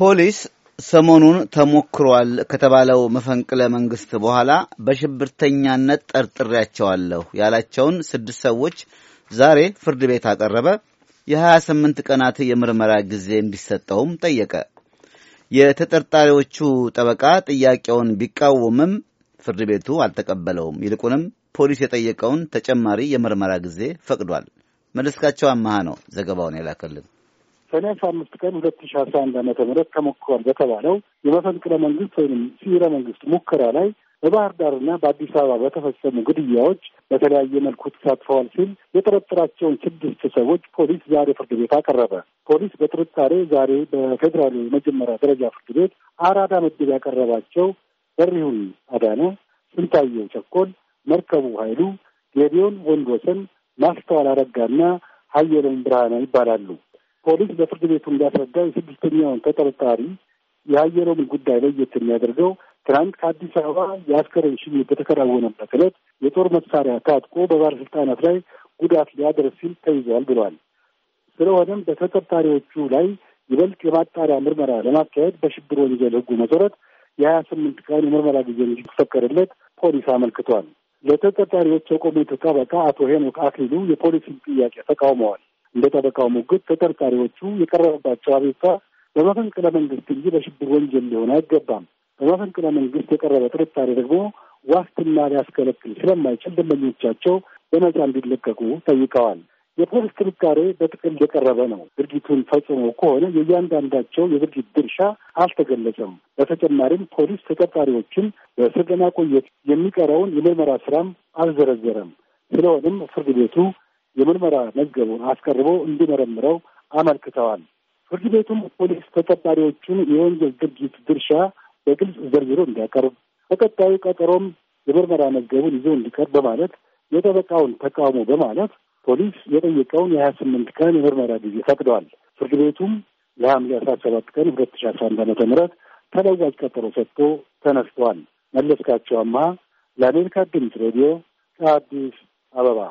ፖሊስ ሰሞኑን ተሞክሯል ከተባለው መፈንቅለ መንግስት በኋላ በሽብርተኛነት ጠርጥሬያቸዋለሁ ያላቸውን ስድስት ሰዎች ዛሬ ፍርድ ቤት አቀረበ። የ28 ቀናት የምርመራ ጊዜ እንዲሰጠውም ጠየቀ። የተጠርጣሪዎቹ ጠበቃ ጥያቄውን ቢቃወምም ፍርድ ቤቱ አልተቀበለውም። ይልቁንም ፖሊስ የጠየቀውን ተጨማሪ የምርመራ ጊዜ ፈቅዷል። መለስካቸው አመሃ ነው ዘገባውን የላከልን። ሰኔ አስራ አምስት ቀን ሁለት ሺ አስራ አንድ ዓመተ ምህረት ተሞክሯል በተባለው የመፈንቅለ መንግስት ወይም ሲረ መንግስት ሙከራ ላይ በባህር ዳርና በአዲስ አበባ በተፈጸሙ ግድያዎች በተለያየ መልኩ ተሳትፈዋል ሲል የጠረጠራቸውን ስድስት ሰዎች ፖሊስ ዛሬ ፍርድ ቤት አቀረበ። ፖሊስ በጥርጣሬ ዛሬ በፌዴራሉ የመጀመሪያ ደረጃ ፍርድ ቤት አራዳ ምድብ ያቀረባቸው በሪሁን አዳነ፣ ስንታየው ጨኮል፣ መርከቡ ኃይሉ፣ ጌዲዮን ወንድወሰን፣ ማስተዋል አረጋና ሀየለን ብርሃነ ይባላሉ። ፖሊስ በፍርድ ቤቱ እንዳስረዳ የስድስተኛውን ተጠርጣሪ የአየለውን ጉዳይ ለየት የሚያደርገው ትናንት ከአዲስ አበባ የአስከሬን ሽኝት በተከናወነበት ዕለት የጦር መሳሪያ ታጥቆ በባለስልጣናት ላይ ጉዳት ሊያደርስ ሲል ተይዟል ብሏል። ስለሆነም በተጠርጣሪዎቹ ላይ ይበልጥ የማጣሪያ ምርመራ ለማካሄድ በሽብር ወንጀል ሕጉ መሰረት የሀያ ስምንት ቀን የምርመራ ጊዜ እንዲፈቀድለት ፖሊስ አመልክቷል። ለተጠርጣሪዎች የቆሙት ጠበቃ አቶ ሄኖክ አክሊሉ የፖሊስን ጥያቄ ተቃውመዋል። እንደ ጠበቃው ሙግት ተጠርጣሪዎቹ የቀረበባቸው አቤቱታ በመፈንቅለ መንግስት እንጂ በሽብር ወንጀል ሊሆን አይገባም። በመፈንቅለ መንግስት የቀረበ ጥርጣሬ ደግሞ ዋስትና ሊያስከለክል ስለማይችል ደንበኞቻቸው በነጻ እንዲለቀቁ ጠይቀዋል። የፖሊስ ጥርጣሬ በጥቅል የቀረበ ነው። ድርጊቱን ፈጽሞ ከሆነ የእያንዳንዳቸው የድርጊት ድርሻ አልተገለጸም። በተጨማሪም ፖሊስ ተጠርጣሪዎችን በስር ለማቆየት የሚቀረውን የምርመራ ስራም አልዘረዘረም። ስለሆነም ፍርድ ቤቱ የምርመራ መዝገቡን አስቀርቦ እንዲመረምረው አመልክተዋል። ፍርድ ቤቱም ፖሊስ ተጠርጣሪዎቹን የወንጀል ድርጊት ድርሻ በግልጽ ዘርዝሮ እንዲያቀርብ በቀጣዩ ቀጠሮም የምርመራ መዝገቡን ይዞ እንዲቀርብ በማለት የጠበቃውን ተቃውሞ በማለት ፖሊስ የጠየቀውን የሀያ ስምንት ቀን የምርመራ ጊዜ ፈቅደዋል። ፍርድ ቤቱም ለሐምሌ አስራ ሰባት ቀን ሁለት ሺ አስራ አንድ ዓመተ ምህረት ተለዋጭ ቀጠሮ ሰጥቶ ተነስቷል። መለስካቸው አማሃ ለአሜሪካ ድምፅ ሬዲዮ ከአዲስ አበባ